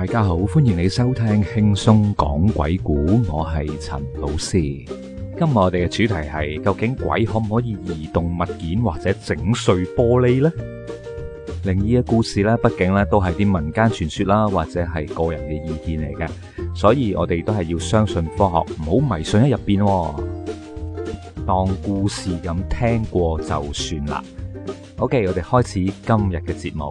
大家好，歡迎你收聽輕鬆講鬼故。我係陳老師。今日我哋嘅主題係究竟鬼可唔可以移動物件或者整碎玻璃呢？靈異嘅故事咧，畢竟咧都係啲民間傳說啦，或者係個人嘅意見嚟嘅，所以我哋都係要相信科學，唔好迷信喺入邊，當故事咁聽過就算啦。OK，我哋開始今日嘅節目。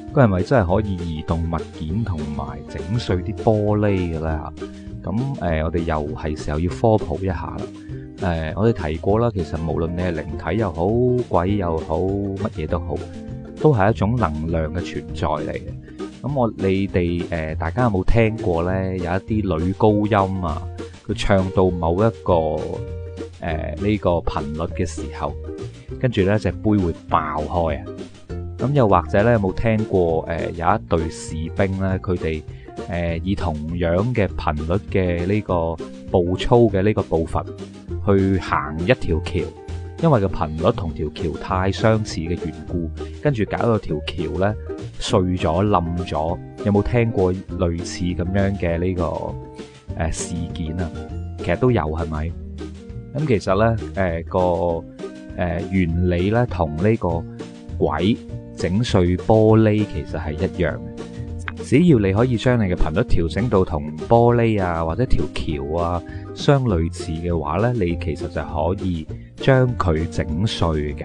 佢係咪真係可以移動物件同埋整碎啲玻璃嘅咧？咁誒、呃，我哋又係時候要科普一下啦。誒、呃，我哋提過啦，其實無論你係靈體又好、鬼又好、乜嘢都好，都係一種能量嘅存在嚟嘅。咁我你哋誒、呃，大家有冇聽過咧？有一啲女高音啊，佢唱到某一個誒呢、呃呢個頻率嘅時候，跟住咧隻杯會爆開啊！咁又或者咧，有冇聽過誒、呃、有一隊士兵咧，佢哋誒以同樣嘅頻率嘅呢個步操嘅呢個步伐去行一條橋，因為個頻率同條橋太相似嘅緣故，跟住搞到條橋咧碎咗冧咗。有冇聽過類似咁樣嘅呢、這個誒、呃、事件啊？其實都有係咪？咁其實咧，誒、呃、個誒、呃、原理咧同呢個鬼。整碎玻璃其實係一樣，只要你可以將你嘅頻率調整到同玻璃啊或者條橋啊相類似嘅話呢，你其實就可以將佢整碎嘅。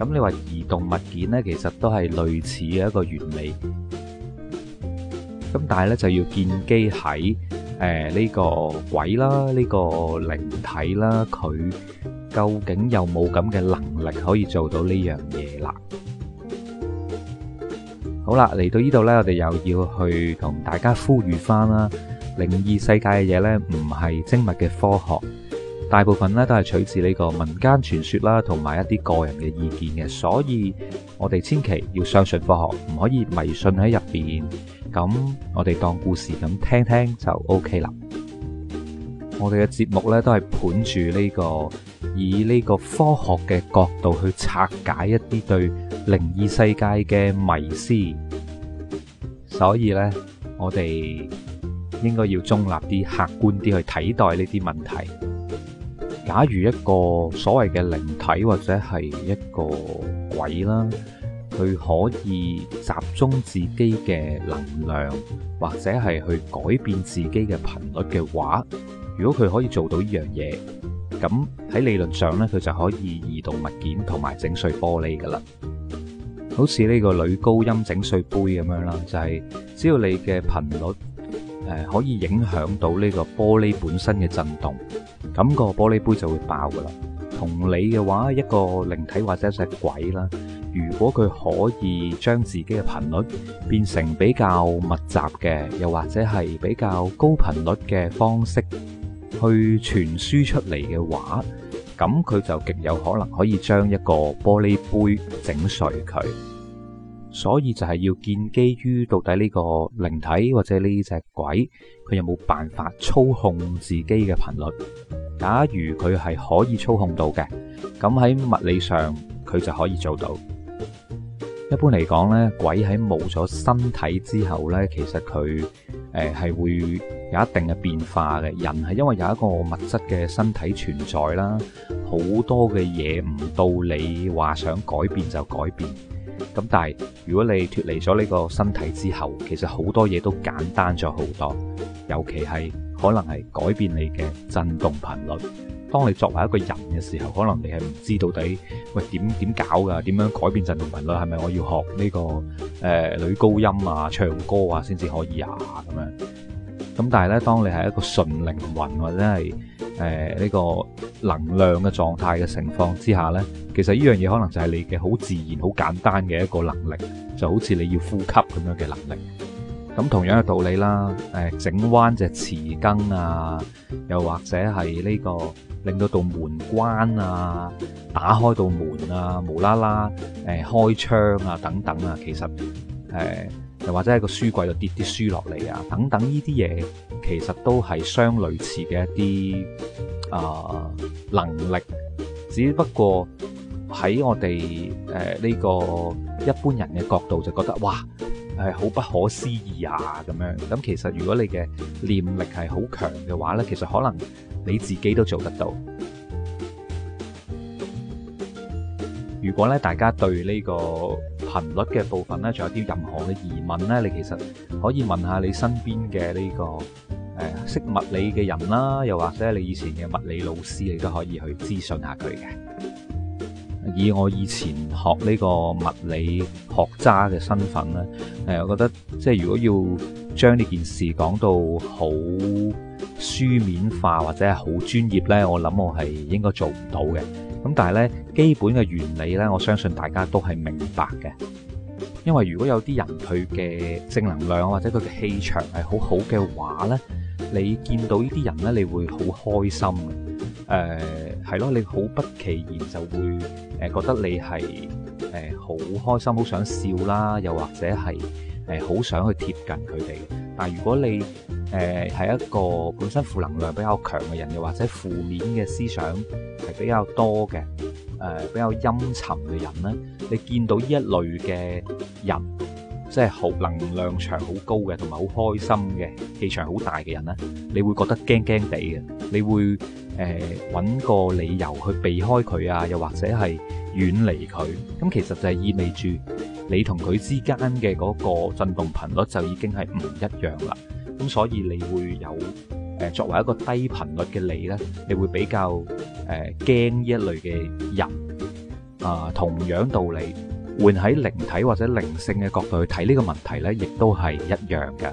咁你話移動物件呢，其實都係類似嘅一個原理。咁但係呢，就要建基喺誒呢個鬼啦，呢個靈體啦，佢。究竟有冇咁嘅能力可以做到呢樣嘢啦？好啦，嚟到呢度呢，我哋又要去同大家呼籲翻啦，靈異世界嘅嘢呢，唔係精密嘅科學，大部分呢都係取自呢個民間傳說啦，同埋一啲個人嘅意見嘅，所以我哋千祈要相信科學，唔可以迷信喺入邊。咁我哋當故事咁聽聽就 OK 啦。我哋嘅節目呢，都係盤住呢個。以呢個科學嘅角度去拆解一啲對靈異世界嘅迷思，所以呢，我哋應該要中立啲、客觀啲去睇待呢啲問題。假如一個所謂嘅靈體或者係一個鬼啦，佢可以集中自己嘅能量，或者係去改變自己嘅頻率嘅話，如果佢可以做到呢樣嘢，咁喺理論上咧，佢就可以移動物件同埋整碎玻璃噶啦，好似呢個女高音整碎杯咁樣啦，就係只要你嘅頻率誒可以影響到呢個玻璃本身嘅震動，咁個玻璃杯就會爆噶啦。同理嘅話，一個靈體或者一隻鬼啦，如果佢可以將自己嘅頻率變成比較密集嘅，又或者係比較高頻率嘅方式。去傳輸出嚟嘅話，咁佢就極有可能可以將一個玻璃杯整碎佢。所以就係要建基於到底呢個靈體或者呢隻鬼，佢有冇辦法操控自己嘅頻率？假如佢係可以操控到嘅，咁喺物理上佢就可以做到。一般嚟講呢，鬼喺冇咗身體之後呢，其實佢。誒係會有一定嘅變化嘅，人係因為有一個物質嘅身體存在啦，好多嘅嘢唔到你話想改變就改變。咁但係如果你脫離咗呢個身體之後，其實好多嘢都簡單咗好多，尤其係可能係改變你嘅震動頻率。當你作為一個人嘅時候，可能你係唔知到底喂點點搞㗎，點樣改變振動頻率啦？係咪我要學呢個誒女高音啊、唱歌啊先至可以啊咁樣？咁但係咧，當你係一個純靈魂或者係誒呢個能量嘅狀態嘅情況之下咧，其實呢樣嘢可能就係你嘅好自然、好簡單嘅一個能力，就好似你要呼吸咁樣嘅能力。咁同樣嘅道理啦，誒、呃、整彎隻匙羹啊，又或者係呢、這個令到道門關啊，打開道門啊，無啦啦誒開窗啊等等啊，其實誒又、呃、或者喺個書櫃度跌啲書落嚟啊，等等呢啲嘢，其實都係相類似嘅一啲啊、呃、能力，只不過喺我哋誒呢個一般人嘅角度就覺得哇！係好不可思議啊咁樣，咁其實如果你嘅念力係好強嘅話呢，其實可能你自己都做得到。如果咧大家對呢個頻率嘅部分呢，仲有啲任何嘅疑問呢，你其實可以問下你身邊嘅呢個誒、呃、識物理嘅人啦，又或者你以前嘅物理老師，你都可以去諮詢下佢嘅。以我以前學呢個物理學渣嘅身份呢，誒，我覺得即係如果要將呢件事講到好書面化或者係好專業呢，我諗我係應該做唔到嘅。咁但係呢，基本嘅原理呢，我相信大家都係明白嘅。因為如果有啲人佢嘅正能量或者佢嘅氣場係好好嘅話呢，你見到呢啲人呢，你會好開心嘅。誒、呃。係咯，你好不其然就會誒覺得你係誒好開心，好想笑啦，又或者係誒好想去貼近佢哋。但係如果你誒係一個本身負能量比較強嘅人，又或者負面嘅思想係比較多嘅誒、呃、比較陰沉嘅人咧，你見到呢一類嘅人。即係好能量場好高嘅，同埋好開心嘅氣場好大嘅人呢，你會覺得驚驚地嘅，你會誒搵個理由去避開佢啊，又或者係遠離佢。咁其實就係意味住你同佢之間嘅嗰個震動頻率就已經係唔一樣啦。咁所以你會有誒作為一個低頻率嘅你呢，你會比較誒驚呢一類嘅人。啊，同樣道理。換喺靈體或者靈性嘅角度去睇呢個問題呢，亦都係一樣嘅。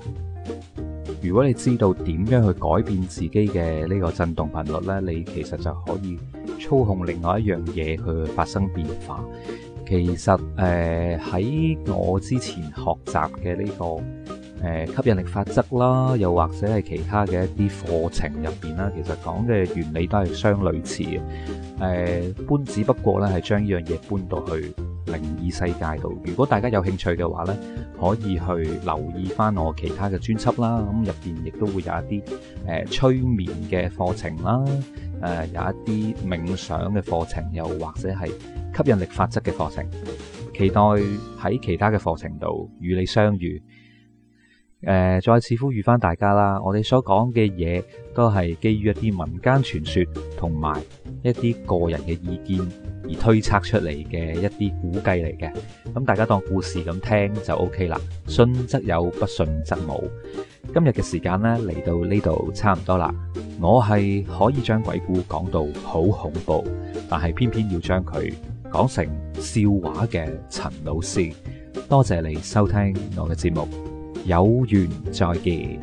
如果你知道點樣去改變自己嘅呢個震動頻率呢，你其實就可以操控另外一樣嘢去發生變化。其實誒、喺、呃、我之前學習嘅呢個。誒、呃、吸引力法則啦，又或者係其他嘅一啲課程入邊啦，其實講嘅原理都係相類似嘅。誒、呃、搬，只不過咧係將依樣嘢搬到去靈異世界度。如果大家有興趣嘅話呢，可以去留意返我其他嘅專輯啦。咁入邊亦都會有一啲誒、呃、催眠嘅課程啦，誒、呃、有一啲冥想嘅課程，又或者係吸引力法則嘅課程。期待喺其他嘅課程度與你相遇。誒、呃，再次呼籲返大家啦，我哋所講嘅嘢都係基於一啲民間傳說同埋一啲個人嘅意見而推測出嚟嘅，一啲估計嚟嘅。咁大家當故事咁聽就 OK 啦，信則有，不信則無。今日嘅時間呢，嚟到呢度差唔多啦。我係可以將鬼故講到好恐怖，但係偏偏要將佢講成笑話嘅陳老師，多謝你收聽我嘅節目。有緣再見。